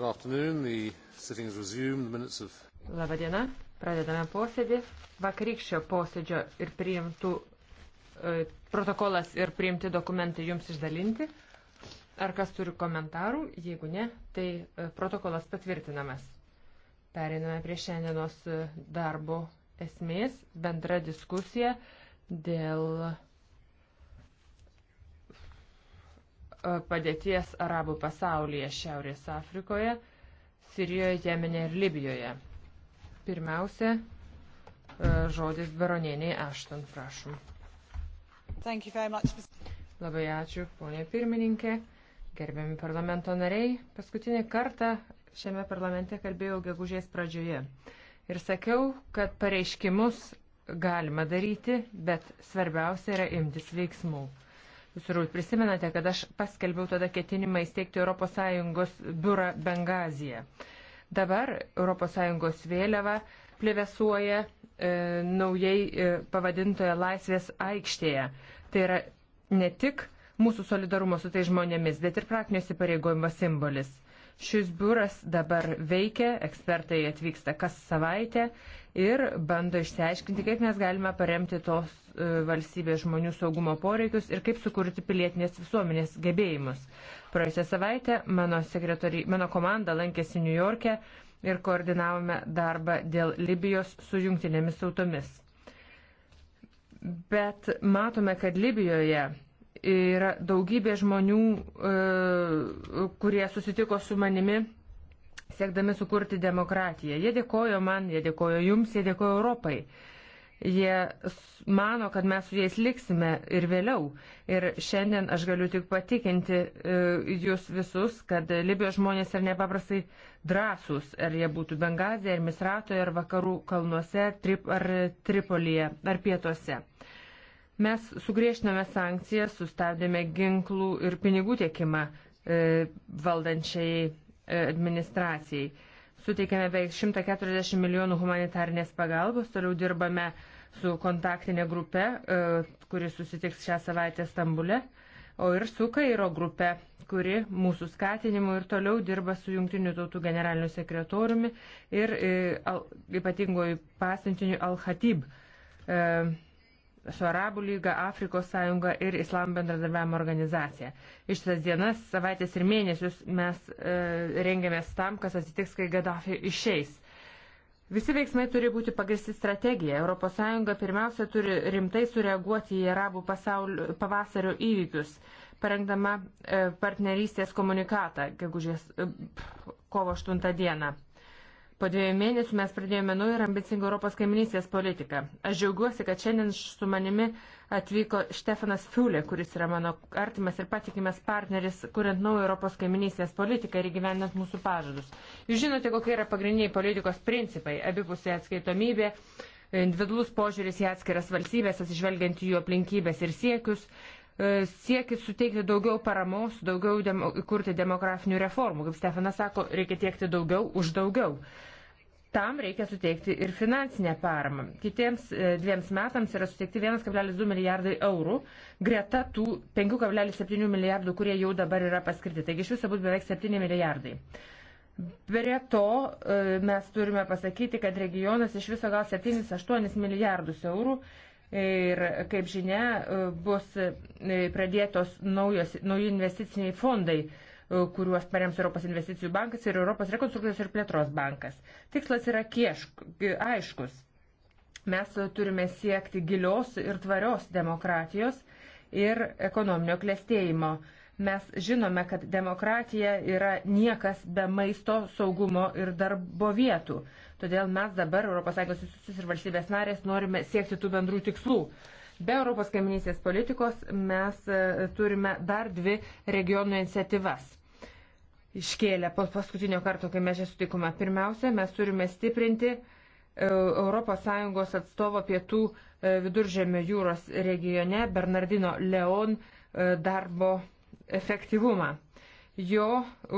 Of... Labadiena, pradedame posėdį. Vakarykščio posėdžio ir priimtų e, protokolas ir priimti dokumentai jums išdalinti. Ar kas turi komentarų? Jeigu ne, tai e, protokolas patvirtinamas. Periname prie šiandienos e, darbo esmės, bendra diskusija dėl E, padėties arabų pasaulyje Šiaurės Afrikoje, Sirijoje, Jemenė ir Libijoje. Pirmiausia, e, žodis baronieniai Ašton, prašom. Labai ačiū, ponė pirmininkė, gerbiami parlamento nariai. Paskutinį kartą šiame parlamente kalbėjau gegužės pradžioje. Ir sakiau, kad pareiškimus galima daryti, bet svarbiausia yra imtis veiksmų. Jūs turbūt prisimenate, kad aš paskelbiau tada ketinimą įsteigti ES biurą Bengaziją. Dabar ES vėliava plevesuoja e, naujai e, pavadintoje Laisvės aikštėje. Tai yra ne tik mūsų solidarumo su tai žmonėmis, bet ir praktinio įsipareigojimo simbolis. Šis biuras dabar veikia, ekspertai atvyksta kas savaitę ir bando išsiaiškinti, kaip mes galime paremti tos e, valstybės žmonių saugumo poreikius ir kaip sukurti pilietinės visuomenės gebėjimus. Praėjusią savaitę mano, mano komanda lankėsi New York'e ir koordinavome darbą dėl Libijos su jungtinėmis tautomis. Bet matome, kad Libijoje yra daugybė žmonių, e, kurie susitiko su manimi, siekdami sukurti demokratiją. Jie dėkojo man, jie dėkojo jums, jie dėkojo Europai. Jie mano, kad mes su jais liksime ir vėliau. Ir šiandien aš galiu tik patikinti e, jūs visus, kad Libijos žmonės yra nepaprastai drąsūs, ar jie būtų Bengazėje, ar Misratoje, ar Vakarų kalnuose, trip, ar Tripolyje, ar Pietuose. Uh, Mes sugriešiname sankcijas, sustabdėme ginklų ir pinigų tiekimą e, valdančiai e, administracijai. Suteikėme beveik 140 milijonų humanitarnės pagalbos, toliau dirbame su kontaktinė grupe, e, kuri susitiks šią savaitę Stambule, o ir su Kairo grupe, kuri mūsų skatinimu ir toliau dirba su Junktinių tautų generaliniu sekretoriumi ir ypatingoju pasiuntiniu Al-Hatib. E, su Arabų lyga, Afrikos sąjunga ir Islam bendradarbiavimo organizacija. Iš tas dienas, savaitės ir mėnesius mes e, rengiamės tam, kas atsitiks, kai Gaddafi išeis. Visi veiksmai turi būti pagristi strategija. ES pirmiausia turi rimtai sureaguoti į arabų pasaulio, pavasario įvykius, parengdama e, partnerystės komunikatą gegužės e, kovo 8 dieną. Po dviejų mėnesių mes pradėjome naują ir ambicingą Europos kaiminystės politiką. Aš džiaugiuosi, kad šiandien su manimi atvyko Štefanas Fiulė, kuris yra mano artimas ir patikimas partneris, kuriant naują Europos kaiminystės politiką ir gyvenant mūsų pažadus. Jūs žinote, kokie yra pagrindiniai politikos principai - abipusė atskaitomybė, individualus požiūris į atskiras valstybės, atsižvelgiant į jų aplinkybės ir siekius, e, siekis suteikti daugiau paramos, daugiau demo, įkurti demografinių reformų. Kaip Stefanas sako, reikia tiekti daugiau už daugiau. Tam reikia suteikti ir finansinę paramą. Kitiems e, dviems metams yra suteikti 1,2 milijardai eurų, greta tų 5,7 milijardų, kurie jau dabar yra paskirti. Taigi iš viso būtų beveik 7 milijardai. Prie to e, mes turime pasakyti, kad regionas iš viso gal 7-8 milijardus eurų ir, kaip žinia, e, bus pradėtos naujos, nauji investiciniai fondai kuriuos parems Europos investicijų bankas ir Europos rekonstrukcijos ir plėtros bankas. Tikslas yra kiešk, aiškus. Mes turime siekti gilios ir tvarios demokratijos ir ekonominio klėstėjimo. Mes žinome, kad demokratija yra niekas be maisto, saugumo ir darbo vietų. Todėl mes dabar, ES institucijos ir valstybės narės, norime siekti tų bendrų tikslų. Be Europos kaiminysės politikos mes e, turime dar dvi regionų iniciatyvas iškėlė po paskutinio karto, kai mes čia sutikome. Pirmiausia, mes turime stiprinti ES atstovo pietų e, viduržėmio jūros regione Bernardino Leon e, darbo efektyvumą. Jo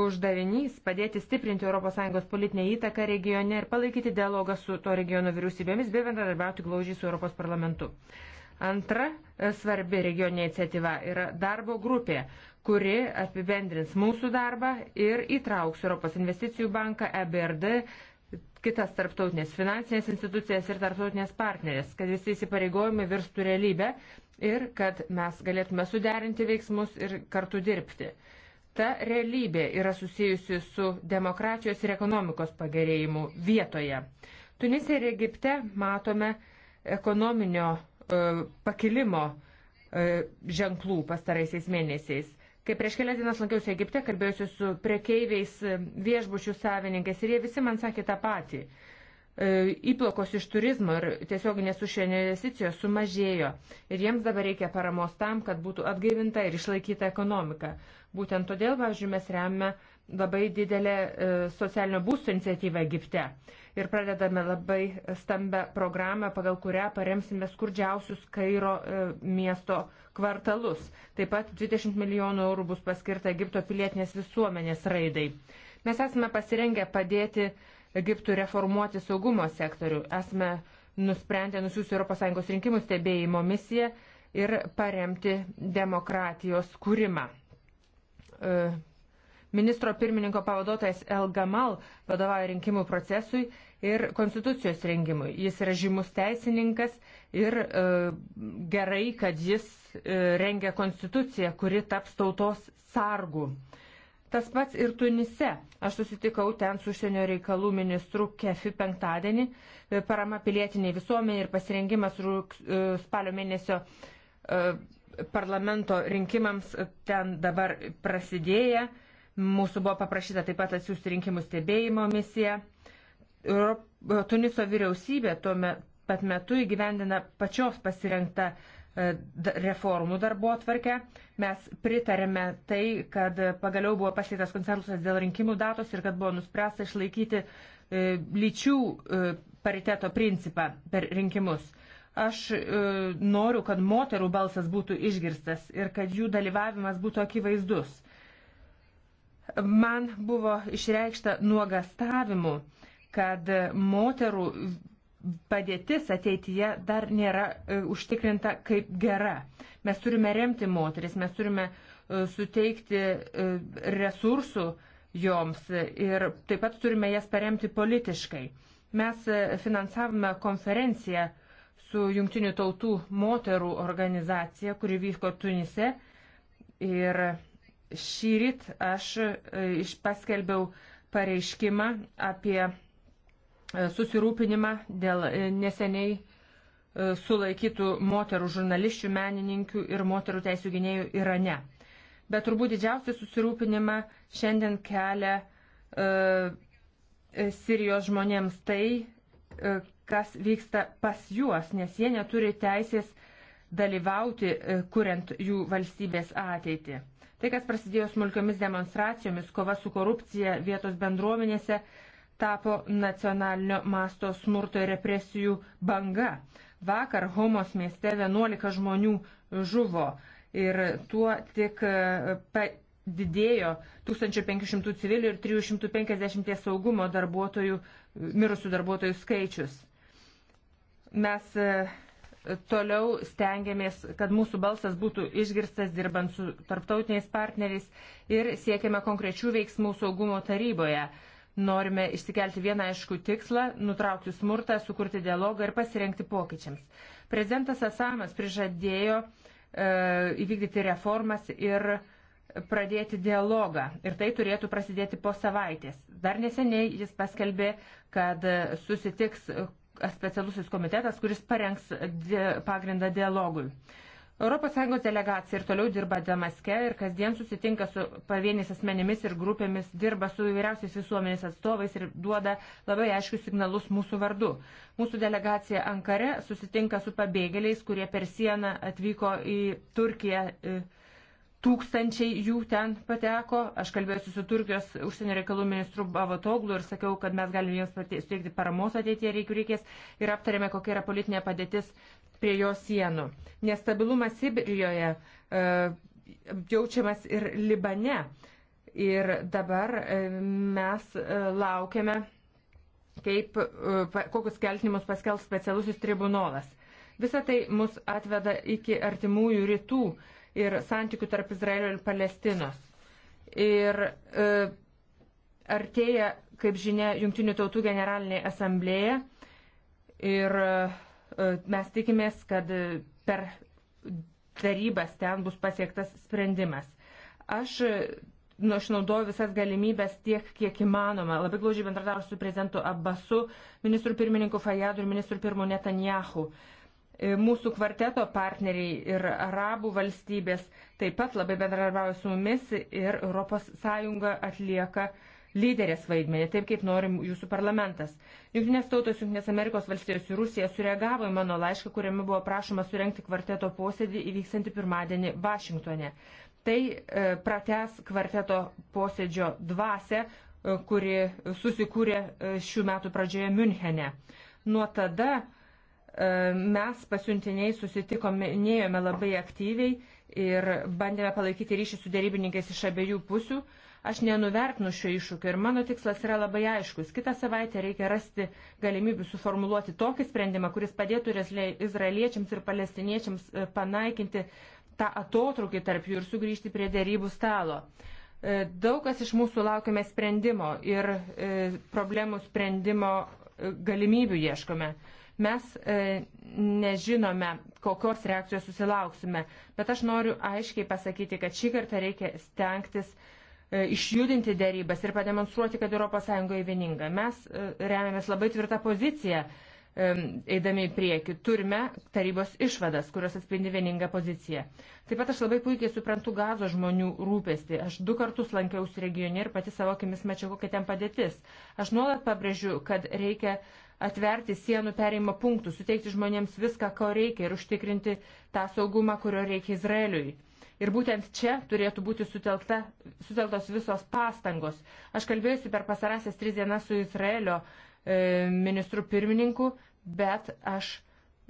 uždavinys - padėti stiprinti ES politinę įtaką regione ir palaikyti dialogą su to regiono vyriausybėmis bei bendradarbiauti glaužiai su ES parlamentu. Antra e, svarbi regioninė iniciatyva yra darbo grupė, kuri apibendrins mūsų darbą ir įtrauks Europos investicijų banką, EBRD, kitas tarptautinės finansinės institucijas ir tarptautinės partnerės, kad visi įsipareigojimai virstų realybę ir kad mes galėtume suderinti veiksmus ir kartu dirbti. Ta realybė yra susijusi su demokratijos ir ekonomikos pagerėjimu vietoje. Tunise ir Egipte matome ekonominio E, pakilimo e, ženklų pastaraisiais mėnesiais. Kai prieš kelias dienas lankiausi Egipte, kalbėjusiu su prekeiviais e, viešbučių savininkais ir jie visi man sakė tą patį. Įplokos iš turizmo ir tiesioginės užsienio investicijos sumažėjo ir jiems dabar reikia paramos tam, kad būtų atgaivinta ir išlaikyta ekonomika. Būtent todėl, pavyzdžiui, mes remiame labai didelę e, socialinio būsto iniciatyvą Egipte. Ir pradedame labai stambę programą, pagal kurią paremsime skurdžiausius Kairo e, miesto kvartalus. Taip pat 20 milijonų eurų bus paskirta Egipto pilietinės visuomenės raidai. Mes esame pasirengę padėti Egiptų reformuoti saugumo sektorių. Esame nusprendę nusiųsti ES rinkimų stebėjimo misiją ir paremti demokratijos kūrimą e, Ministro pirmininko pavaduotojas El Gamal vadovauja rinkimų procesui ir konstitucijos rengimui. Jis yra žymus teisininkas ir e, gerai, kad jis e, rengia konstituciją, kuri taps tautos sargų. Tas pats ir Tunise. Aš susitikau ten su užsienio reikalų ministru Kefi penktadienį. E, parama pilietiniai visuomeniai ir pasirengimas e, spalio mėnesio e, parlamento rinkimams ten dabar prasidėję. Mūsų buvo paprašyta taip pat atsiųsti rinkimų stebėjimo misiją. Tuniso vyriausybė tuo pat metu įgyvendina pačios pasirinktą e, reformų darbo atvarkę. Mes pritarėme tai, kad pagaliau buvo pasiektas konsensusas dėl rinkimų datos ir kad buvo nuspręsta išlaikyti e, lyčių e, pariteto principą per rinkimus. Aš noriu, kad moterų balsas būtų išgirstas ir kad jų dalyvavimas būtų akivaizdus man buvo išreikšta nuogastavimu, kad moterų padėtis ateityje dar nėra e, užtikrinta kaip gera. Mes turime remti moteris, mes turime e, suteikti e, resursų joms ir taip pat turime jas paremti politiškai. Mes finansavome konferenciją su Junktinių tautų moterų organizacija, kuri vyko Tunise ir Šyrit aš e, paskelbiau pareiškimą apie e, susirūpinimą dėl e, neseniai sulaikytų moterų žurnalisčių, menininkių ir moterų teisų gynėjų Irane. Bet turbūt didžiausią susirūpinimą šiandien kelia e, Sirijos žmonėms tai, e, kas vyksta pas juos, nes jie neturi teisės dalyvauti, e, kuriant jų valstybės ateitį. Tai, kas prasidėjo smulkiomis demonstracijomis, kova su korupcija vietos bendruomenėse, tapo nacionalinio masto smurto ir represijų banga. Vakar Homos mieste 11 žmonių žuvo ir tuo tik e, padidėjo 1500 civilių ir 350 saugumo darbuotojų, mirusių darbuotojų skaičius. Mes e, toliau stengiamės, kad mūsų balsas būtų išgirstas dirbant su tarptautiniais partneriais ir siekiame konkrečių veiksmų saugumo taryboje. Norime išsikelti vieną aišku tikslą - nutraukti smurtą, sukurti dialogą ir pasirengti pokyčiams. Prezidentas Asamas prižadėjo e, įvykdyti reformas ir pradėti dialogą ir tai turėtų prasidėti po savaitės. Dar neseniai jis paskelbė, kad susitiks specialusis komitetas, kuris parengs di pagrindą dialogui. ES delegacija ir toliau dirba Damaske ir kasdien susitinka su pavieniais asmenimis ir grupėmis, dirba su įvairiausiais visuomenės atstovais ir duoda labai aiškius signalus mūsų vardu. Mūsų delegacija Ankare susitinka su pabėgėliais, kurie per sieną atvyko į Turkiją. E, tūkstančiai jų ten pateko. Aš kalbėjau su Turkijos užsienio reikalų ministru Bavotoglu ir sakiau, kad mes galime jiems suteikti paramos ateityje, reikiu reikės ir aptarėme, kokia yra politinė padėtis prie jo sienų. Nestabilumas Sibirijoje e, jaučiamas ir Libane. Ir dabar e, mes e, laukiame, kaip, e, kokius keltinimus paskelbs specialusis tribunolas. Visą tai mus atveda iki artimųjų rytų. E, ir santykių tarp Izraelio ir Palestinos. Ir e, artėja, kaip žinia, Junktinių tautų generalinė asamblėja ir e, mes tikimės, kad per tarybas ten bus pasiektas sprendimas. Aš e, nu, aš naudoju visas galimybės tiek, kiek įmanoma. Labai glaužiai bendradarau su prezidentu Abbasu, ministru pirmininku Fajadu ir ministru pirmu Netanjahu. Uh, E, mūsų kvarteto partneriai ir arabų valstybės taip pat labai bendradarbiauja su mumis ir ES atlieka lyderės vaidmenį, taip kaip norim jūsų parlamentas. Junktinės tautos, Junktinės Amerikos valstijos ir Rusija sureagavo į mano laišką, kuriame buvo prašoma surenkti kvarteto posėdį įvyksantį pirmadienį Vašingtone. Tai e, prates kvarteto posėdžio dvasę, e, kuri susikūrė e, šių metų pradžioje Münchene. Nuo tada e, E, mes pasiuntiniai susitikomėjome labai aktyviai ir bandėme palaikyti ryšį su dėrybininkais iš abiejų pusių. Aš nenuvertinu šio iššūkio ir mano tikslas yra labai aiškus. Kitą savaitę reikia rasti galimybių suformuluoti tokį sprendimą, kuris padėtų izraeliečiams ir palestiniečiams e, panaikinti tą atotrukį tarp jų ir sugrįžti prie dėrybų stalo. E, daug kas iš mūsų laukime sprendimo ir problemų sprendimo galimybių ieškome. Mes e, nežinome, kokios reakcijos susilauksime, bet aš noriu aiškiai pasakyti, kad šį kartą reikia stengtis e, išjudinti dėrybas ir pademonstruoti, kad ES vieninga. Mes e, remiamės labai tvirtą poziciją, e, eidami į priekį. Turime tarybos išvadas, kurios atspindi vieningą poziciją. Taip pat aš labai puikiai suprantu gazo žmonių rūpestį. Aš du kartus lankiausi regione ir pati savo akimis mačiau, kokia ten padėtis. Aš nuolat pabrėžiu, kad reikia atverti sienų pereimo punktų, suteikti žmonėms viską, ko reikia ir užtikrinti tą saugumą, kurio reikia Izraeliui. Ir būtent čia turėtų būti sutelkta, sutelktos visos pastangos. Aš kalbėjusi per pasarasias tris dienas su Izraelio e, ministru pirmininku, bet aš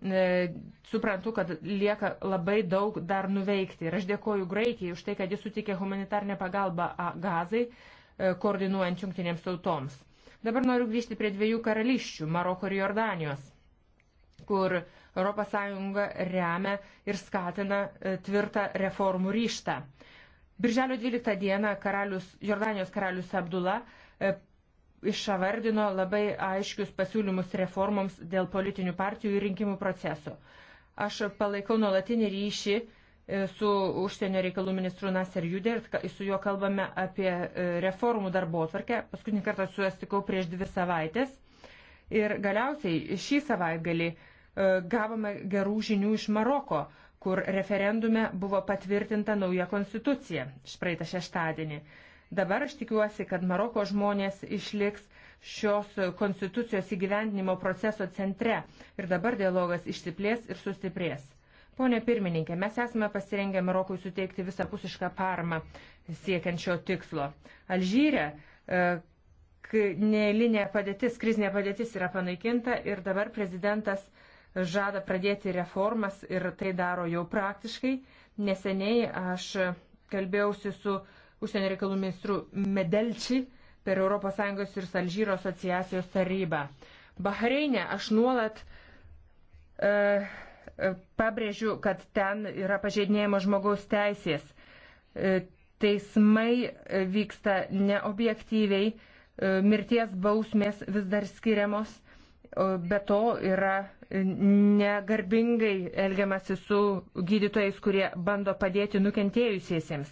e, suprantu, kad lieka labai daug dar nuveikti. Ir aš dėkoju Graikijai už tai, kad jis sutikė humanitarnę pagalbą Gazai, e, koordinuojant jungtinėms tautoms. Dabar noriu grįžti prie dviejų karališčių - Maroko ir Jordanijos, kur ES remia ir skatina e, tvirtą reformų ryštą. Birželio 12 dieną karalius, Jordanijos karalius Abdula e, išavardino labai aiškius pasiūlymus reformoms dėl politinių partijų ir rinkimų procesų. Aš palaikau nuolatinį ryšį E, su užsienio reikalų ministru Nasser Juder, su juo kalbame apie e, reformų darbo atvarkę. Paskutinį kartą su juo stikau prieš dvi savaitės. Ir galiausiai šį savaitgalį e, gavome gerų žinių iš Maroko, kur referendume buvo patvirtinta nauja konstitucija praeitą šeštadienį. Dabar aš tikiuosi, kad Maroko žmonės išliks šios konstitucijos įgyvendinimo proceso centre ir dabar dialogas išsiplės ir sustiprės. Pone pirmininkė, mes esame pasirengę Marokui suteikti visapusišką parmą siekiančio tikslo. Alžyre e, neįlinė padėtis, krizinė padėtis yra panaikinta ir dabar prezidentas žada pradėti reformas ir tai daro jau praktiškai. Neseniai aš kalbėjausi su užsienio reikalų ministru Medelči per ES ir Salžyro asociacijos tarybą. Bahreinė aš nuolat uh, pabrėžiu, kad ten yra pažeidinėjimo žmogaus teisės. E, teismai vyksta neobjektyviai, e, mirties bausmės vis dar skiriamos, be to yra negarbingai elgiamasi su gydytojais, kurie bando padėti nukentėjusiesiems.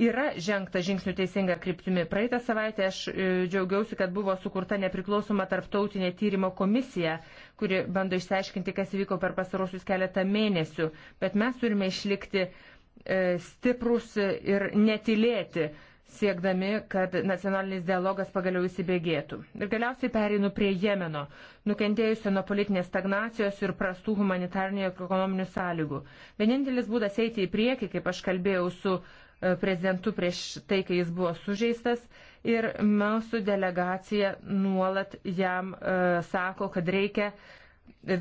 Yra žengta žingsnių teisinga kryptimi. Praeitą savaitę aš e, džiaugiausi, kad buvo sukurta nepriklausoma tarptautinė tyrimo komisija, kuri bando išsiaiškinti, kas vyko per pasarosius keletą mėnesių. Bet mes turime išlikti e, stiprus ir netilėti, siekdami, kad nacionalinis dialogas pagaliau įsibėgėtų. Ir galiausiai pereinu prie Jemeno, nukentėjusio nuo politinės stagnacijos ir prastų humanitarnių ir ekonominių sąlygų. Vienintelis būdas eiti į priekį, kaip aš kalbėjau su prezidentu prieš tai, kai jis buvo sužeistas. Ir mūsų delegacija nuolat jam e, sako, kad reikia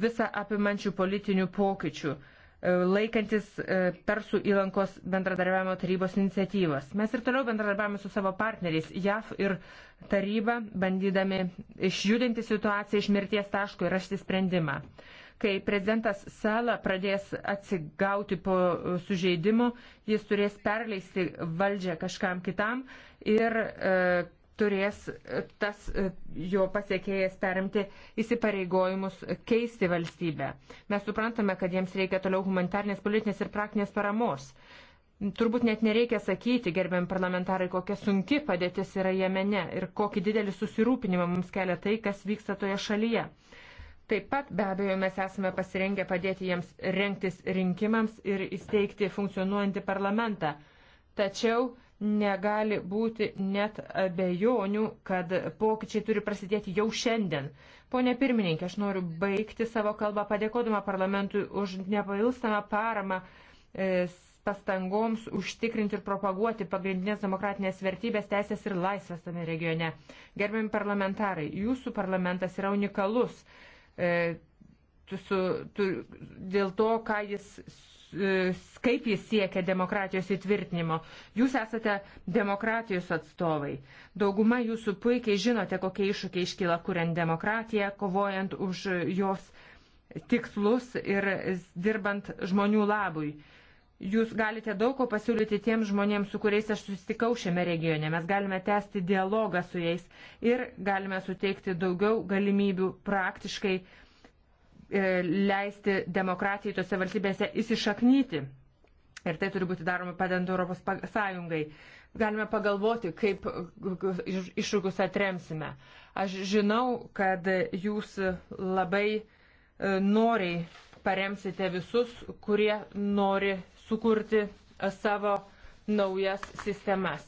visą apimančių politinių pokyčių, e, laikantis e, Persų įlankos bendradarbiavimo tarybos iniciatyvas. Mes ir toliau bendradarbiavame su savo partneriais JAF ir taryba, bandydami išjudinti situaciją iš mirties taško ir rašti sprendimą. E, Kai prezidentas Sela pradės atsigauti po sužeidimų, jis turės perleisti valdžią kažkam kitam ir e, turės tas e, jo pasiekėjas perimti įsipareigojimus keisti valstybę. Mes suprantame, kad jiems reikia toliau humanitarnės, politinės ir praktinės paramos. Turbūt net nereikia sakyti, gerbiam parlamentarai, kokia sunki padėtis yra Jemene ir kokį didelį susirūpinimą mums kelia tai, kas vyksta toje šalyje. Taip pat be abejo mes esame pasirengę padėti jiems renktis rinkimams ir įsteigti funkcionuojantį parlamentą. Tačiau negali būti net abejonių, kad pokyčiai turi prasidėti jau šiandien. Pone pirmininkė, aš noriu baigti savo kalbą padėkodama parlamentui už nepailstamą paramą e, pastangoms užtikrinti ir propaguoti pagrindinės demokratinės vertybės, teisės ir laisvės tame regione. Gerbiami parlamentarai, jūsų parlamentas yra unikalus E, su, tu, dėl to, ką jis e, kaip jis siekia demokratijos įtvirtinimo. Jūs esate demokratijos atstovai. Dauguma jūsų puikiai žinote, kokie iššūkiai iškyla kuriant demokratiją, kovojant už jos tikslus ir dirbant žmonių labui. Jūs galite daug ko pasiūlyti tiems žmonėms, su kuriais aš susitikau šiame regione. Mes galime tęsti dialogą su jais ir galime suteikti daugiau galimybių praktiškai e, leisti demokratijai tose valstybėse įsišaknyti. Ir tai turi būti daroma padant Europos Sąjungai. Galime pagalvoti, kaip iššūkius atremsime. Aš žinau, kad jūs labai e, noriai paremsite visus, kurie nori sukurti e, savo naujas sistemas.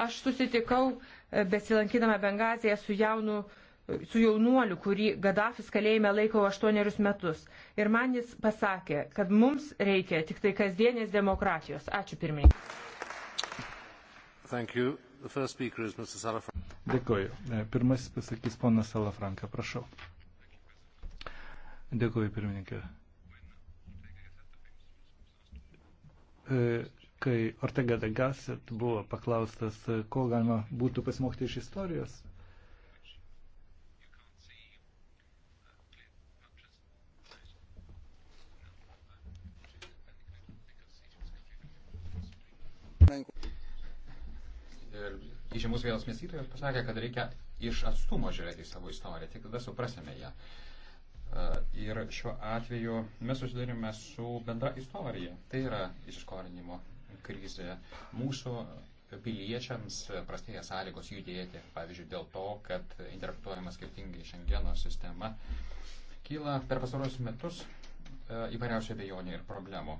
Aš susitikau e, besilankydama Bengazėje su jaunu e, su jaunuoliu, kurį Gaddafis kalėjime laikau aštuonerius metus. Ir man jis pasakė, kad mums reikia tik tai kasdienės demokratijos. Ačiū pirmininkai. Dėkuoju. Pirmasis pasakys ponas Salafranka, prašau. Dėkuoju pirmininkai. E, kai Ortega de Gasset buvo paklaustas, e, ko galima būtų pasimokti iš istorijos, Ir įžymus vienas mąstytojas pasakė, kad reikia iš atstumo žiūrėti į savo istoriją, tik tada suprasime ją. E, ir šiuo atveju mes susidurime su bendra istorija. Tai yra įsiskolinimo krizė. Mūsų piliečiams prastėja sąlygos judėti, pavyzdžiui, dėl to, kad interpretuojama skirtingai Šengeno sistema. Kyla per pastarosius metus e, įvairiausių abejonių ir problemų.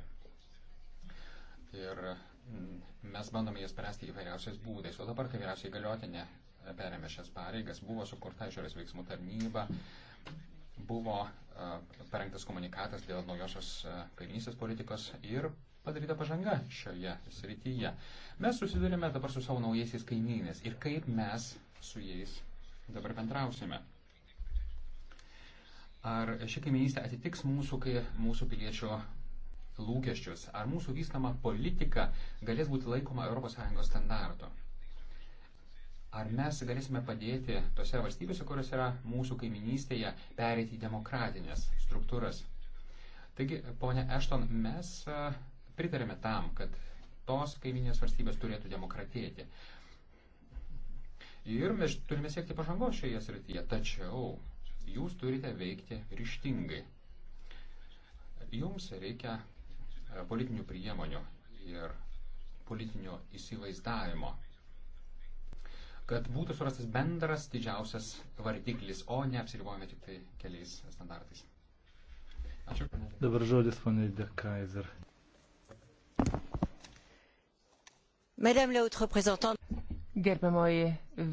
Ir mm, mes bandome jas spręsti įvairiausiais būdais. O dabar, kai vyriausiai galiotinė perėmė šias pareigas, buvo sukurta išorės veiksmų tarnyba buvo parengtas komunikatas dėl naujosios kaiminystės politikos ir padaryta pažanga šioje srityje. Mes susidurime dabar su savo naujaisiais kaimynės ir kaip mes su jais dabar bendrausime. Ar ši kaiminystė atitiks mūsų, mūsų piliečių lūkesčius? Ar mūsų vystama politika galės būti laikoma ES standartu? Ar mes galėsime padėti tose valstybėse, kurios yra mūsų kaiminystėje, perėti į demokratinės struktūras? Taigi, ponia Ešton, mes pritarėme tam, kad tos kaiminės valstybės turėtų demokratėti. Ir mes turime siekti pažangos šioje srityje, tačiau jūs turite veikti ryštingai. Jums reikia politinių priemonių ir politinio įsivaizdavimo kad būtų surastas bendras didžiausias vardiklis, o ne apsiribojame tik tai keliais standartais. Ačiū. Dabar žodis ponai De Kaiser. Madame la haute représentante. Gerbiamoji e,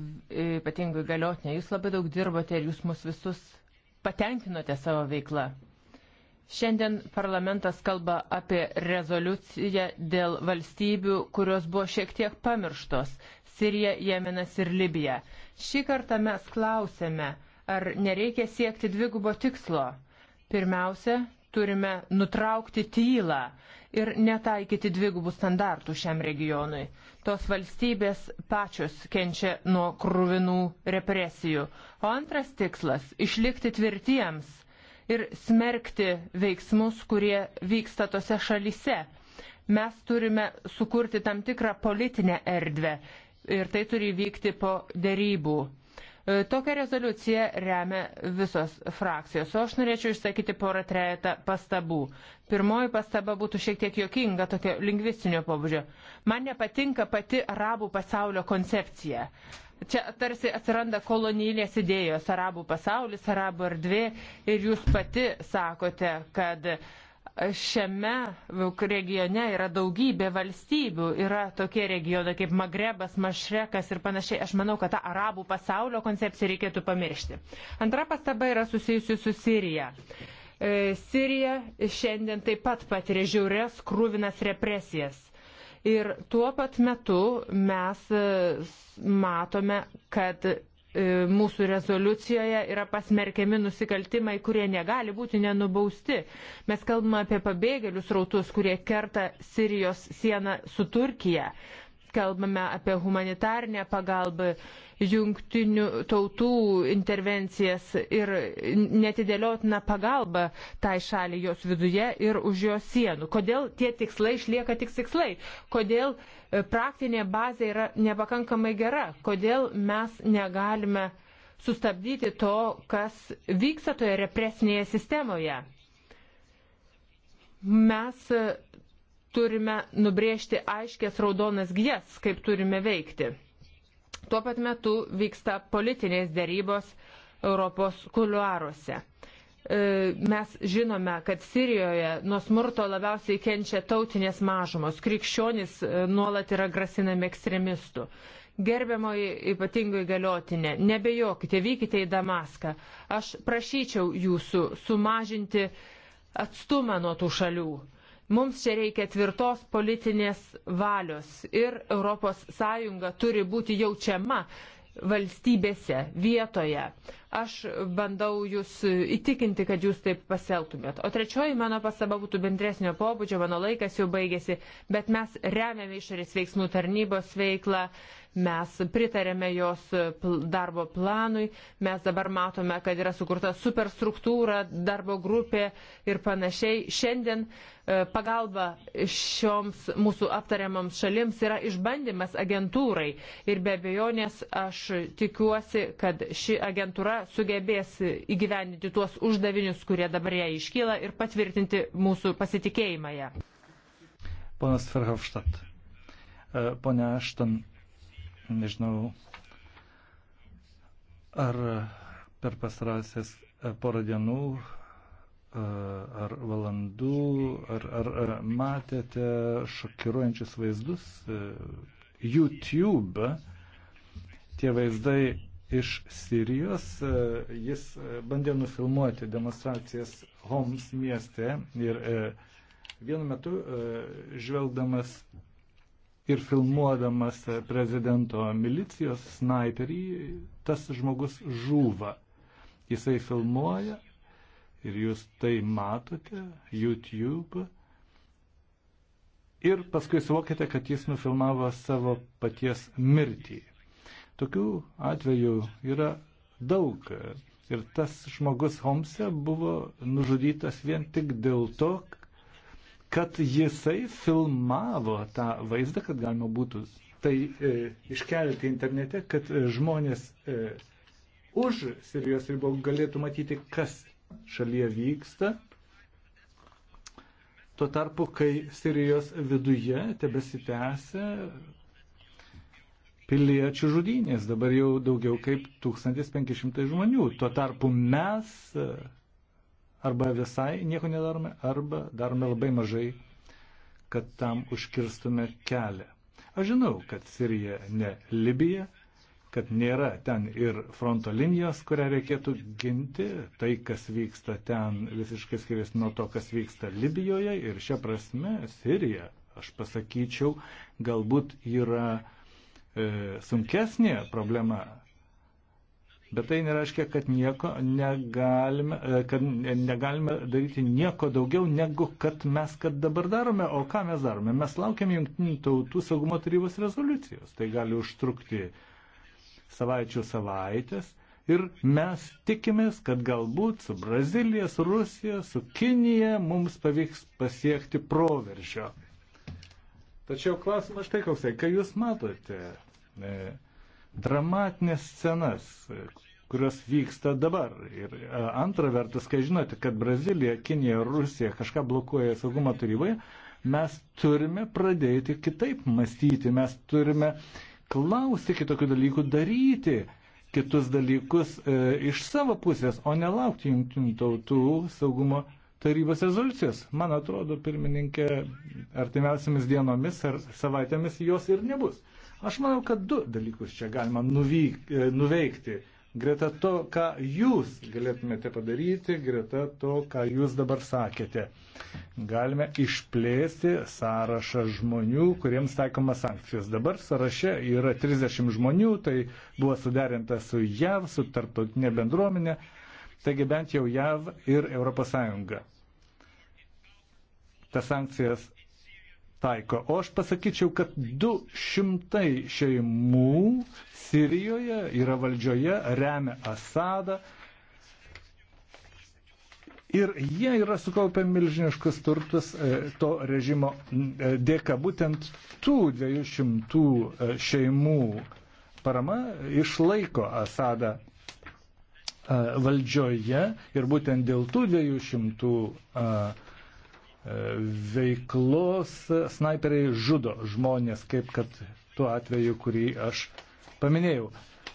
ypatingai galiotinė, jūs labai daug dirbote ir jūs mus visus patenkinote savo veiklą. Šiandien parlamentas kalba apie rezoliuciją dėl valstybių, kurios buvo šiek tiek pamirštos. Siriją, Jemenas ir Libiją. Šį kartą mes klausėme, ar nereikia siekti dvigubo tikslo. Pirmiausia, turime nutraukti tylą ir netaikyti dvigubų standartų šiam regionui. Tos valstybės pačios kenčia nuo krūvinų represijų. O antras tikslas - išlikti tvirtiems ir smerkti veiksmus, kurie vyksta tose šalise. Mes turime sukurti tam tikrą politinę erdvę ir tai turi vykti po dėrybų. E, tokią rezoliuciją remia visos frakcijos, o aš norėčiau išsakyti porą trejetą pastabų. Pirmoji pastaba būtų šiek tiek jokinga, tokio lingvistinio pobūdžio. Man nepatinka pati arabų pasaulio koncepcija. Čia tarsi atsiranda kolonijinės idėjos, arabų pasaulis, arabų erdvė ir jūs pati sakote, kad uh, šiame regione yra daugybė valstybių, yra tokie regionai kaip Magrebas, Mašrekas ir panašiai. Aš manau, kad tą arabų pasaulio koncepciją reikėtų pamiršti. Antra pastaba yra susijusi su Sirija. E, Sirija šiandien taip pat patiria žiaurias krūvinas represijas. Ir tuo pat metu mes e, matome, kad E, mūsų rezoliucijoje yra pasmerkiami nusikaltimai, kurie negali būti nenubausti. Mes kalbame apie pabėgėlius rautus, kurie kerta Sirijos sieną su Turkija. Kalbame apie humanitarnę pagalbą, jungtinių tautų intervencijas ir netidėliotiną pagalbą tai šaliai jos viduje ir už jos sienų. Kodėl tie tikslai išlieka tik tikslai? Kodėl uh, E, praktinė bazė yra nepakankamai gera. Kodėl mes negalime sustabdyti to, kas vyksta toje represinėje sistemoje? Mes e, turime nubrėžti aiškės raudonas gijas, kaip turime veikti. Tuo pat metu vyksta politinės dėrybos Europos kuluaruose. E, mes žinome, kad Sirijoje nuo smurto labiausiai kenčia tautinės mažumos, krikščionys e, nuolat yra grasinami ekstremistų. Gerbiamoji ypatingai galiotinė, nebejokite, vykite į Damaską. Aš prašyčiau jūsų sumažinti atstumą nuo tų šalių. Mums čia reikia tvirtos politinės valios ir ES turi būti jaučiama valstybėse, vietoje. Aš bandau jūs įtikinti, kad jūs taip pasielgtumėt. O trečioji mano pasaba būtų bendresnio pobūdžio, mano laikas jau baigėsi, bet mes remiame išorės veiksmų tarnybos veiklą, Mes pritarėme jos darbo planui, mes dabar matome, kad yra sukurta superstruktūra, darbo grupė ir panašiai. Šiandien e, pagalba šioms mūsų aptariamams šalims yra išbandymas agentūrai ir be abejonės aš tikiuosi, kad ši agentūra sugebės įgyvendinti tuos uždavinius, kurie dabar jai iškyla ir patvirtinti mūsų pasitikėjimą ją. Ponas Ferhofštat, e, ponia Aštan, Nežinau, ar per pastarąsias e, porą dienų, e, ar valandų, ar, ar e, matėte šokiruojančius vaizdus YouTube. Tie vaizdai iš Sirijos. Jis bandė nufilmuoti demonstracijas Homs mieste ir vienu metu žvelgdamas ir filmuodamas prezidento milicijos snaiperį, tas žmogus žūva. Jisai filmuoja ir jūs tai matote YouTube. Ir paskui suvokite, kad jis nufilmavo savo paties mirtį. Tokių atvejų yra daug. Ir tas žmogus Homse buvo nužudytas vien tik dėl to, kad jisai filmavo tą vaizdą, kad galima būtų tai e, iškelti internete, kad e, žmonės e, už Sirijos ribų galėtų matyti, kas šalyje vyksta. Tuo tarpu, kai Sirijos viduje tebesitęsia piliečių žudynės, dabar jau daugiau kaip 1500 žmonių. Tuo tarpu mes e, Arba visai nieko nedarome, arba darome labai mažai, kad tam užkirstume kelią. Aš žinau, kad Sirija ne Libija, kad nėra ten ir fronto linijos, kurią reikėtų ginti. Tai, kas vyksta ten, visiškai skiriasi nuo to, kas vyksta Libijoje. Ir šia prasme Sirija, aš pasakyčiau, galbūt yra e, sunkesnė problema Bet tai nereiškia, kad, nieko negalime, e, kad negalime daryti nieko daugiau, negu kad mes kad dabar darome. O ką mes darome? Mes laukiame Junktinių tautų saugumo tarybos rezoliucijos. Tai gali užtrukti savaičių savaitės. Ir mes tikimės, kad galbūt su Brazilija, su Rusija, su Kinija mums pavyks pasiekti proveržio. Tačiau klausimas štai koksai, kai jūs matote e, dramatinės scenas, kurios vyksta dabar. Ir e, antra vertus, kai žinote, kad Brazilija, Kinija, Rusija kažką blokuoja saugumo taryboje, mes turime pradėti kitaip mąstyti, mes turime klausti kitokių dalykų, daryti kitus dalykus e, iš savo pusės, o nelaukti jungtinių tautų saugumo tarybos rezoliucijos. Man atrodo, pirmininkė, artimiausiamis dienomis ar savaitėmis jos ir nebus. Aš manau, kad du dalykus čia galima nuvyk, e, nuveikti greta to, ką jūs galėtumėte padaryti, greta to, ką jūs dabar sakėte. Galime išplėsti sąrašą žmonių, kuriems taikoma sankcijos. Dabar sąraše yra 30 žmonių, tai buvo suderinta su JAV, su tarptautinė bendruomenė, taigi bent jau JAV ir ES. Tas sankcijas taiko. O aš pasakyčiau, kad 200 šeimų Sirijoje yra valdžioje, remia Asadą. Ir jie yra sukaupę milžiniškus turtus e, to režimo e, dėka. Būtent tų 200 e, šeimų parama išlaiko Asadą valdžioje ir būtent dėl tų 200 veiklos snaiperiai žudo žmonės, kaip kad tuo atveju, kurį aš paminėjau.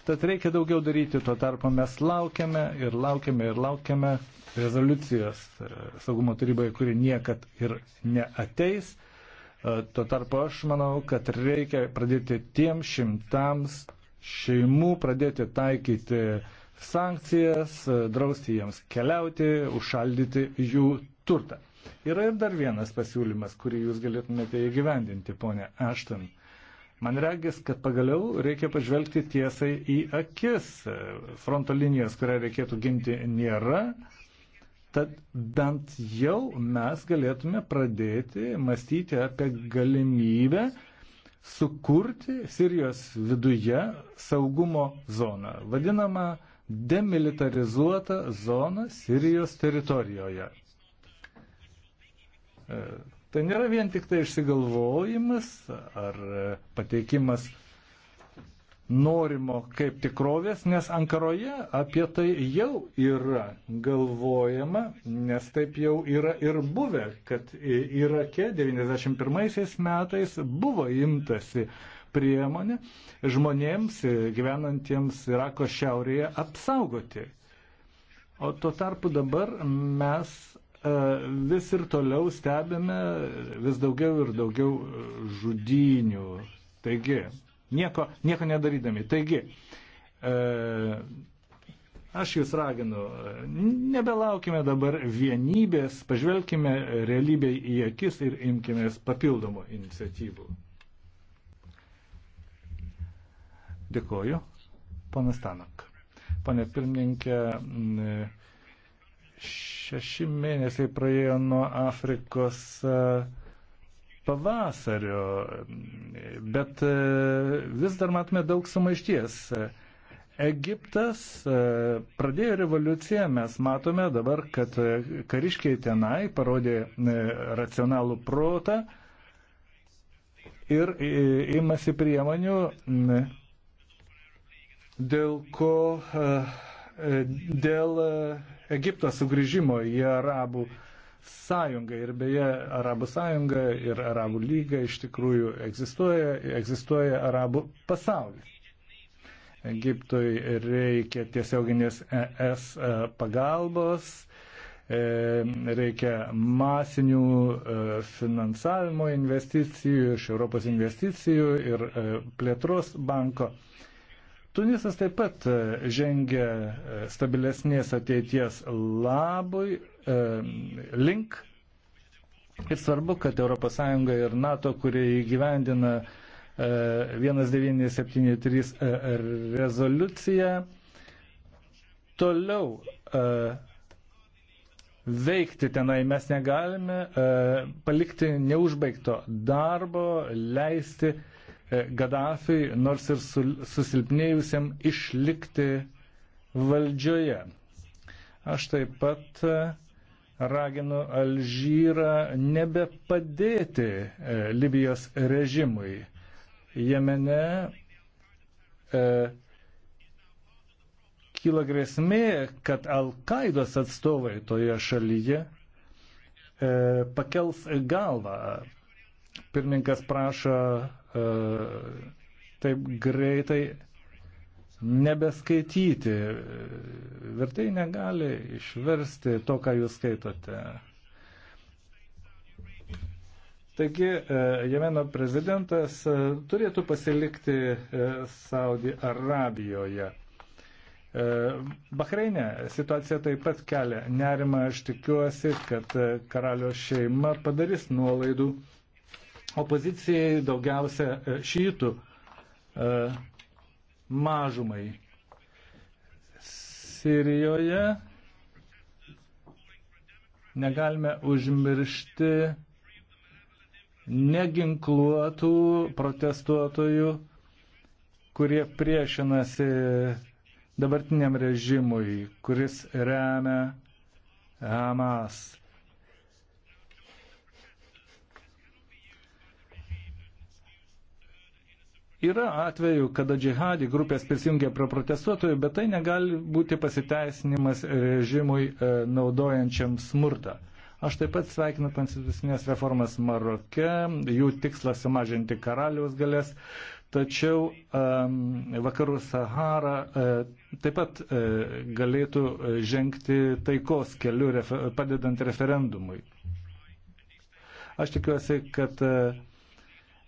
Tad reikia daugiau daryti, tuo tarpu mes laukiame ir laukiame ir laukiame rezoliucijos e, saugumo taryboje, kuri niekad ir neateis. E, tuo tarpu aš manau, kad reikia pradėti tiem šimtams šeimų, pradėti taikyti sankcijas, e, drausti jiems keliauti, užšaldyti jų turtą. Yra ir dar vienas pasiūlymas, kurį jūs galėtumėte įgyvendinti, ponė Ashton. Man regis, kad pagaliau reikia pažvelgti tiesai į akis. Fronto linijos, kurią reikėtų ginti, nėra. Tad bent jau mes galėtume pradėti mąstyti apie galimybę sukurti Sirijos viduje saugumo zoną, vadinamą demilitarizuotą zoną Sirijos teritorijoje. E, tai nėra vien tik tai išsigalvojimas ar e, pateikimas norimo kaip tikrovės, nes Ankaroje apie tai jau yra galvojama, nes taip jau yra ir buvę, kad Irake 91 metais buvo imtasi priemonė žmonėms gyvenantiems Irako šiaurėje apsaugoti. O tuo tarpu dabar mes E, vis ir toliau stebime vis daugiau ir daugiau žudynių. Taigi, nieko, nieko nedarydami. Taigi, e, aš jūs raginu, nebelaukime dabar vienybės, pažvelkime realybėj į akis ir imkime papildomų iniciatyvų. Dėkoju, ponas Tanak. Pane pirmininkė, Šeši mėnesiai praėjo nuo Afrikos e, pavasario, bet e, vis dar matome daug sumaišties. Egiptas e, pradėjo revoliuciją, mes matome dabar, kad kariškiai tenai parodė racionalų protą ir imasi priemonių, dėl ko dėl Egipto sugrįžimo į Arabų sąjungą. Ir beje, Arabų sąjunga ir Arabų lyga iš tikrųjų egzistuoja, egzistuoja Arabų pasaulis. Egiptui reikia tiesioginės ES e, pagalbos, e, reikia masinių e, finansavimo investicijų iš Europos investicijų ir plėtros banko. Tunisas taip pat e, žengia e, stabilesnės ateities labui e, link ir svarbu, kad ES ir NATO, kurie įgyvendina 1973 rezoliuciją, toliau veikti tenai mes negalime, palikti neužbaigto darbo, leisti uh, E, Gaddafiui, nors ir susilpnėjusiam, išlikti valdžioje. Aš taip pat e, raginu Alžyrą nebepadėti e, Libijos režimui. Jemene e, kyla grėsmė, kad Al-Qaidos atstovai toje šalyje e, pakels galvą Pirmininkas prašo e, taip greitai nebeskaityti. Vertai negali išversti to, ką jūs skaitote. Taigi, e, Jemeno prezidentas e, turėtų pasilikti Saudi Arabijoje. Bahreinė situacija taip pat kelia nerimą. Aš tikiuosi, kad karalio šeima padarys nuolaidų opozicijai, daugiausia e, šytų e, mažumai. Sirijoje negalime užmiršti neginkluotų protestuotojų, kurie priešinasi dabartiniam režimui, kuris remia Hamas. Yra atveju, kada džihadi grupės prisijungia prie protestuotojų, bet tai negali būti pasiteisinimas režimui e, naudojančiam smurtą. Aš taip pat sveikinu konstitucinės reformas Maroke, jų tikslas sumažinti karaliaus galės, tačiau um, vakarų Sahara uh, taip pat uh, galėtų žengti taikos keliu, refer padedant referendumui. Aš tikiuosi, kad uh,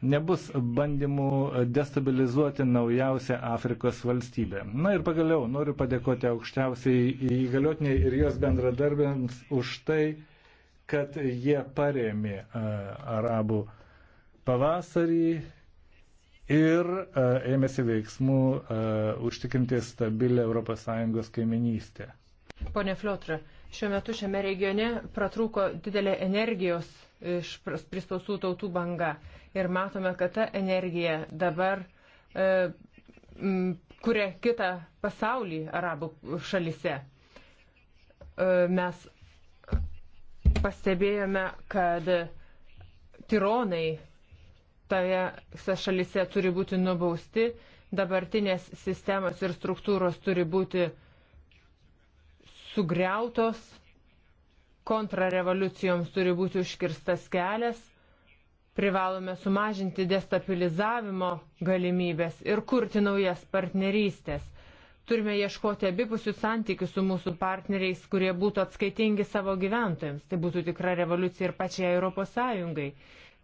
nebus bandymų destabilizuoti naujausią Afrikos valstybę. Na ir pagaliau noriu padėkoti aukščiausiai įgaliotiniai ir jos bendradarbėms už tai, kad jie paremė arabų pavasarį ir ėmėsi veiksmų užtikrinti stabilę ES kaiminystę. Pone Fliotra, šiuo metu šiame regione pratrūko didelė energijos iš prispaustų tautų banga ir matome, kad ta energija dabar e, m, kuria kitą pasaulį arabų šalise. E, mes pastebėjome, kad tironai toje šalise turi būti nubausti, dabartinės sistemas ir struktūros turi būti sugriautos, kontrarevoliucijoms turi būti užkirstas kelias Privalome sumažinti destabilizavimo galimybės ir kurti naujas partnerystės. Turime ieškoti abipusių santykių su mūsų partneriais, kurie būtų atskaitingi savo gyventojams. Tai būtų tikra revoliucija ir pačiai Europos Sąjungai.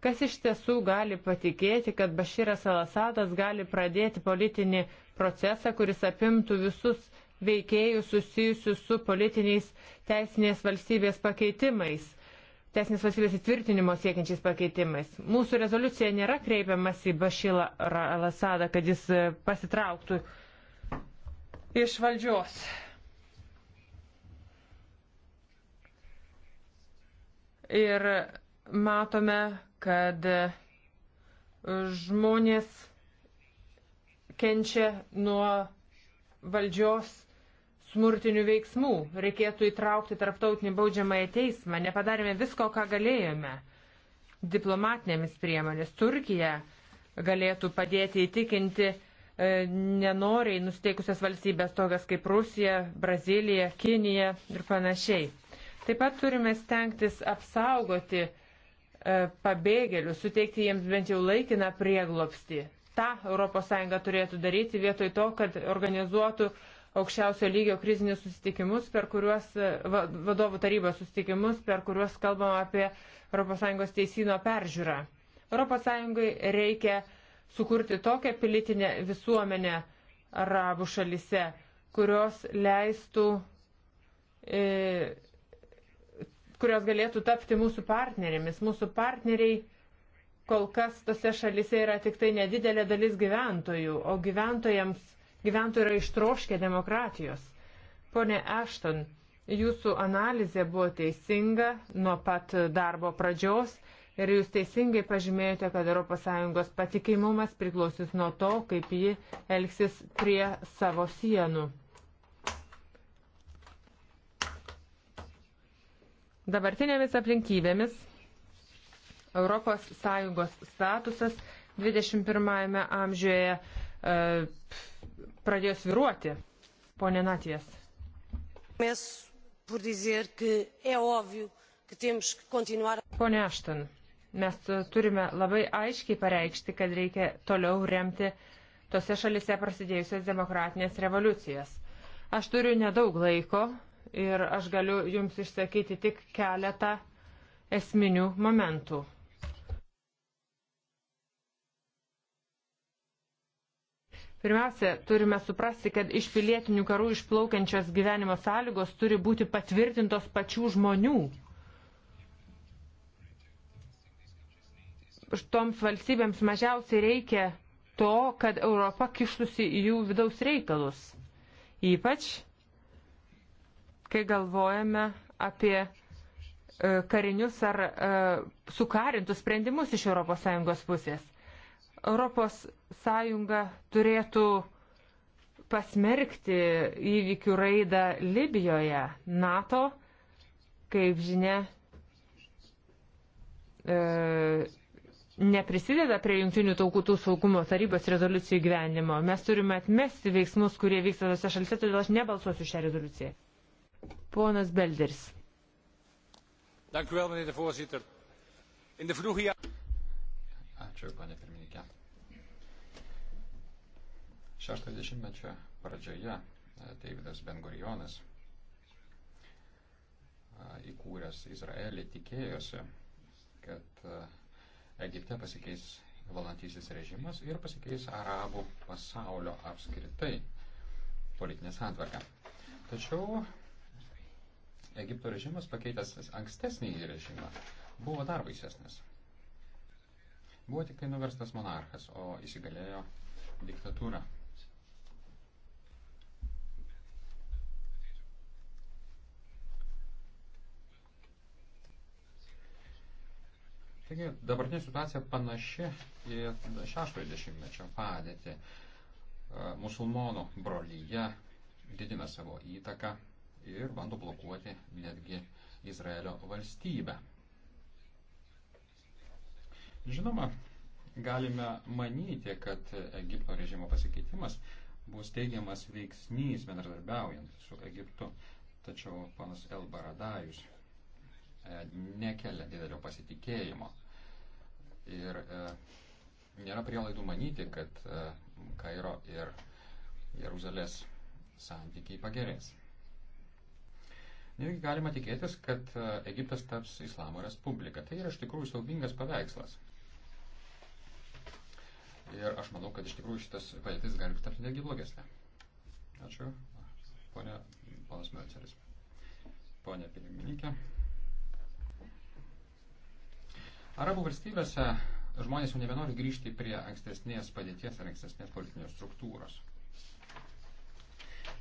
Kas iš tiesų gali patikėti, kad Baširas Alasadas gali pradėti politinį procesą, kuris apimtų visus veikėjus susijusius su politiniais teisinės valstybės pakeitimais, teisinės valstybės įtvirtinimo siekiančiais pakeitimais. Mūsų rezoliucija nėra kreipiamas į Bašilą Alasadą, kad jis e, pasitrauktų iš valdžios. Ir matome, kad e, žmonės kenčia nuo valdžios smurtinių veiksmų. Reikėtų įtraukti tarptautinį baudžiamąją teismą. Nepadarėme visko, ką galėjome. Diplomatinėmis priemonės Turkija galėtų padėti įtikinti e, nenoriai nusteikusias valstybės tokias kaip Rusija, Brazilija, Kinija ir panašiai. Taip pat turime stengtis apsaugoti e, pabėgėlius, suteikti jiems bent jau laikiną prieglopstį. Ta ES turėtų daryti vietoj to, kad organizuotų uh, aukščiausio lygio krizinius susitikimus, per kuriuos, vadovų tarybos susitikimus, per kuriuos kalbam apie ES teisino peržiūrą. ES reikia sukurti tokią pilitinę visuomenę arabų šalise, kurios leistų, e, kurios galėtų tapti mūsų partnerėmis. Mūsų partneriai kol kas tose šalise yra tik tai nedidelė dalis gyventojų, o gyventojams Gyventojai yra ištroškę demokratijos. Pone Ashton, jūsų analizė buvo teisinga nuo pat darbo pradžios ir jūs teisingai pažymėjote, kad ES patikimumas priklausys nuo to, kaip ji elgsis prie savo sienų. Dabartinėmis aplinkybėmis ES statusas 21 amžiuje e, pradėjo sviruoti. Pone Natijas. Mes por dizer que é óbvio que temos que continuar. Pone Ashton, mes turime labai aiškiai pareikšti, kad reikia toliau remti tose šalise prasidėjusias demokratinės revoliucijas. Aš turiu nedaug laiko ir aš galiu Jums išsakyti tik keletą esminių momentų. Pirmiausia, turime suprasti, kad iš pilietinių karų išplaukiančios gyvenimo sąlygos turi būti patvirtintos pačių žmonių. Štoms valstybėms mažiausiai reikia to, kad Europa kištusi į jų vidaus reikalus. Ypač, kai galvojame apie e, karinius ar e, sukarintus sprendimus iš ES pusės. Europos sąjunga turėtų pasmerkti įvykių raidą Libijoje. NATO, kaip žinia, e, neprisideda prie jungtinių tautų saugumo tarybos rezoliucijų gyvenimo. Mes turime atmesti veiksmus, kurie vyksta tose šalise, todėl aš nebalsuosiu šią rezoliuciją. Ponas Belders. Ačiū, panė pirmininkė. 60-mečio pradžioje e, Deividas Ben-Gurionas e, įkūręs Izraelį tikėjosi, kad e, Egipte pasikeis valantysis režimas ir pasikeis arabų pasaulio apskritai politinė santvarka. Tačiau Egipto režimas pakeitęs ankstesnį režimą buvo dar baisesnis. Buvo tik tai nuverstas monarchas, o įsigalėjo diktatūra. Taigi dabartinė situacija panaši į 60-mečio padėtį. E, musulmonų brolyje didina savo įtaką ir bando blokuoti netgi Izraelio valstybę. Žinoma, galime manyti, kad Egipto režimo pasikeitimas bus teigiamas veiksnys bendradarbiaujant su Egiptu. Tačiau panas El Baradajus E, nekelia didelio pasitikėjimo. Ir e, nėra prielaidų manyti, kad e, Kairo ir Jeruzalės santykiai pagerės. Netgi galima tikėtis, kad Egiptas taps Islamo Respublika. Tai yra iš tikrųjų siaubingas paveikslas. Ir aš manau, kad iš tikrųjų šitas padėtis gali tapti netgi blogesnė. Ačiū, ponė Palas Melceris. Ponė pirmininkė. Arabų valstybėse žmonės jau nebenori grįžti prie ankstesnės padėties ar ankstesnės politinės struktūros.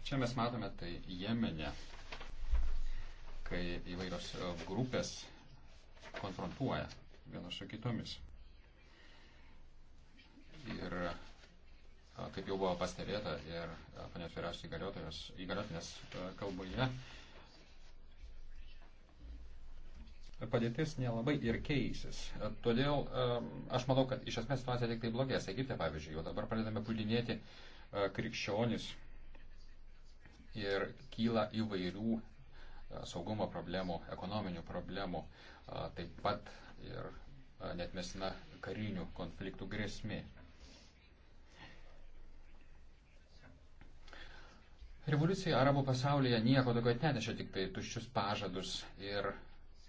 Čia mes matome tai Jemene, kai įvairios grupės konfrontuoja vienas su kitomis. Ir kaip jau buvo pastebėta ir panios vyriausios įgaliotinės kalboje, padėtis nelabai ir keisis. Todėl aš manau, kad iš esmės situacija tik tai blogės. Egipte, pavyzdžiui, jau dabar pradedame puldinėti e, krikščionis ir kyla įvairių e, saugumo problemų, ekonominių problemų, e, taip pat ir netmestina karinių konfliktų grėsmė. Revoliucija arabų pasaulyje nieko daugiau atnešė, tik tai tuščius pažadus ir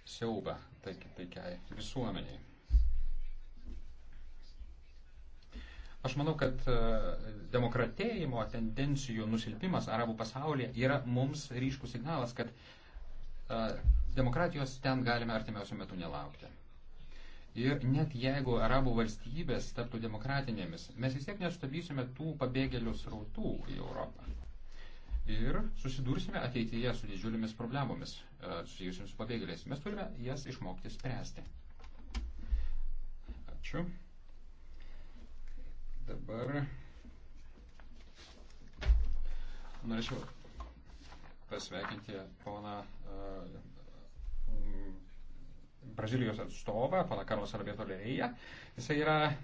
siaubą taikiai visuomeniai. Aš manau, kad e, demokratėjimo tendencijų nusilpimas arabų pasaulyje yra mums ryškus signalas, kad e, demokratijos ten galime artimiausių metų nelaukti. Ir net jeigu arabų valstybės taptų demokratinėmis, mes vis tiek nestabdysime tų pabėgėlių srautų į Europą ir susidursime ateityje su didžiulėmis problemomis e, susijusiamis su pabėgėliais. Mes turime jas išmokti spręsti. Ačiū. Dabar norėčiau pasveikinti poną uh, Brazilijos atstovą, poną Karlos Arbėto Lerėją. Jis yra uh,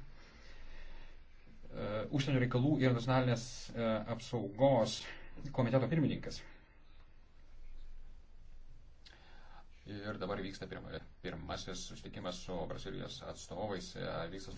užsienio reikalų ir nacionalinės uh, apsaugos uh, komiteto pirmininkas. Ir dabar vyksta pirmasis susitikimas su Brazilijos atstovais. Vyksta